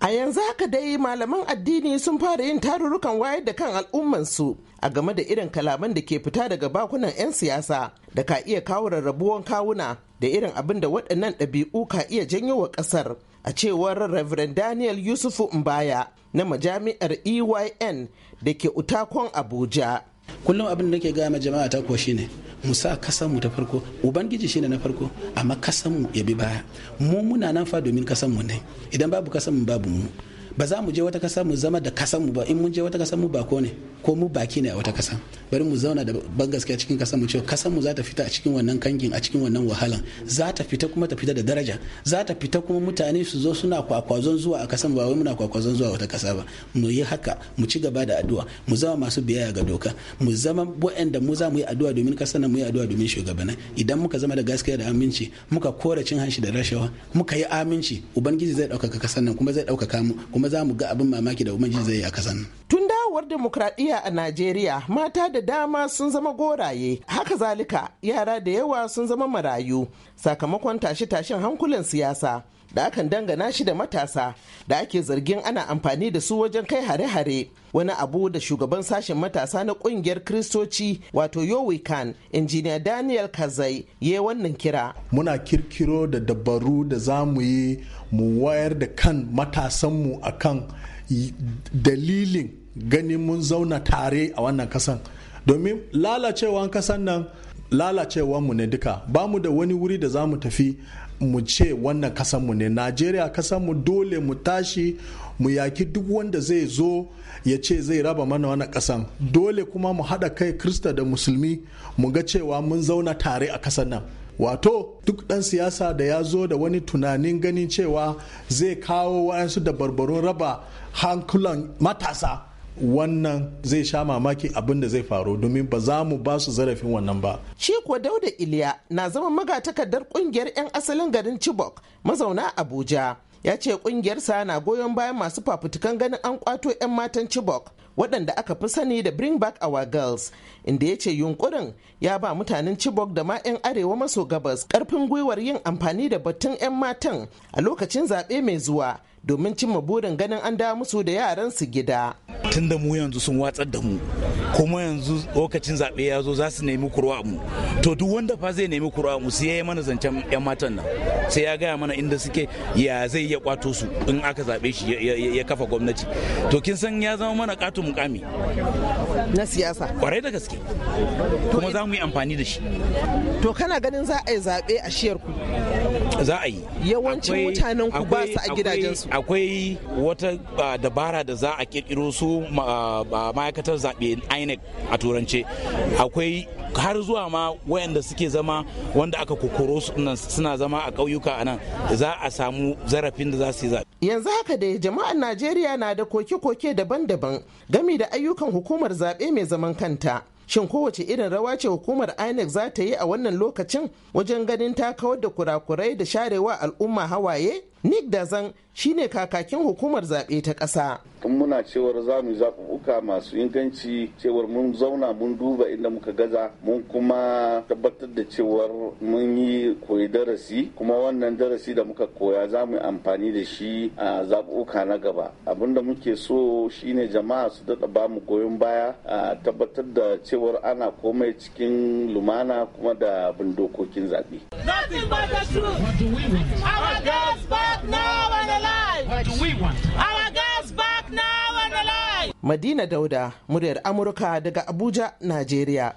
A yanzu haka dai malaman addini sun fara yin tarurrukan wayar da kan al'ummansu a game da irin kalaman da ke fita daga bakunan 'yan siyasa da ka iya kawo rarrabuwan kawuna da irin abin da waɗannan ɗabi'u ka iya janyo wa ƙasar a cewar Reverend Daniel Yusufu Mbaya na majami'ar EYN da ke Utakon Abuja. kullum abin da nake gaya ma jama'a ta kuwa shine mu sa kasan mu ta farko ubangiji shine na farko amma mu ya bi baya mu muna nan fa domin mu ne idan babu kasan mu babu mu ba za mu je wata kasa mu zama da kasan mu ba in mun je wata kasa mu bako ne ko mu baki ne a wata kasa bari mu zauna da ban gaskiya cikin kasa mu ce. kasan mu za ta fita a cikin wannan kangin a cikin wannan wahalan za ta fita kuma ta fita da daraja za ta fita kuma mutane su zo suna kwakwazon zuwa a kasan ba wai muna kwakwazon zuwa wata kasa ba mu yi haka mu ci gaba da addu'a mu zama masu biyayya ga doka mu zama waɗanda mu za mu yi addu'a domin kasan mu yi addu'a domin shugabanai idan muka zama da gaskiya da aminci muka kora cin hanshi da rashawa muka yi aminci ubangiji zai ɗaukaka kasan nan kuma zai ɗaukaka mu kuma za mu ga abin mamaki da ubangiji zai yi a kasan dawowar demokradiyya a najeriya mata da dama sun zama goraye haka zalika yara da yawa sun zama marayu sakamakon tashe-tashen hankulan siyasa da akan dangana shi da matasa da ake zargin ana amfani da su wajen kai hare-hare wani abu da shugaban sashen matasa na kungiyar kristoci wato yowikan injiniya daniel kazai ya wannan kira muna kirkiro da dabaru da za mu yi mu wayar da kan matasanmu akan dalilin ganin mun zauna tare a wannan kasan domin lalacewan kasan nan lalacewan mu ne duka ba mu da wani wuri da za mu tafi mu ce wannan kasan mu ne najeriya kasan mu dole mu tashi mu yaki duk wanda zai zo ya ce zai raba mana wannan kasan dole kuma mu haɗa kai krista da musulmi mu ga cewa mun zauna tare a kasan nan wato duk ɗan siyasa da ya zo da wani tunanin ganin cewa zai kawo wa'yansu da barbarun raba hankulan matasa wannan zai sha mamaki abin da zai faru domin ba za mu ba su zarafin wannan ba. Shi Dauda Iliya na zama magatakardar kungiyar 'yan asalin garin Chibok mazauna Abuja. Ya ce kungiyarsa na goyon bayan masu fafutukan ganin an kwato 'yan matan Chibok waɗanda aka fi sani da Bring Back Our Girls inda ya ce yunkurin ya ba mutanen Chibok da ma 'yan arewa maso gabas ƙarfin gwiwar yin amfani da batun 'yan matan a lokacin zaɓe mai zuwa domin cimma burin ganin an dawo musu da yaran su gida. Tun da mu yanzu sun watsar da mu, kuma yanzu lokacin zaɓe ya zo za su nemi kurwa mu. To duk wanda fa zai nemi kurwa mu sai ya yi mana zancen 'yan matan nan. Sai ya gaya mana inda suke ya zai iya kwato su in aka zaɓe shi ya kafa gwamnati. To kin san ya zama mana ƙato mukami. Na siyasa. Kwarai da gaske. Kuma za mu yi amfani da shi. To kana ganin za a yi zaɓe a shiyar ku. za a yi yawancin mutanen ku ba su a gidajensu akwai wata dabara da za a kirkiro su ma'aikatar zaɓe inec a turance akwai har zuwa ma wayanda suke zama wanda aka kokoro suna zama a ƙauyuka a nan za a samu zarafin da za su yi zaɓe yanzu haka dai jama'an najeriya na da koke-koke daban-daban gami da ayyukan hukumar zaɓe mai zaman kanta shin kowace irin rawa ce hukumar inec za ta yi a wannan lokacin wajen ganin ta kawar da kurakurai da sharewa al'umma hawaye nick dazan ne kakakin hukumar zaɓe ta ƙasa in muna cewar za mu zaɓuɓɓuka masu inganci cewar mun zauna mun duba inda muka gaza mun kuma tabbatar da cewar mun yi koyi darasi kuma wannan darasi da muka koya za mu yi amfani da shi a zaɓuɓɓuka na gaba abin da muke so shi ne jama'a su daɗa ba mu goyon baya a tabbatar da cewar ana komai cikin lumana kuma da bin dokokin zaɓe. nothing but the truth. What do we want? Our girls back now and alive. What do we want? Our girls back now and alive. Madina Dauda, muryar Amurka daga Abuja, Nigeria.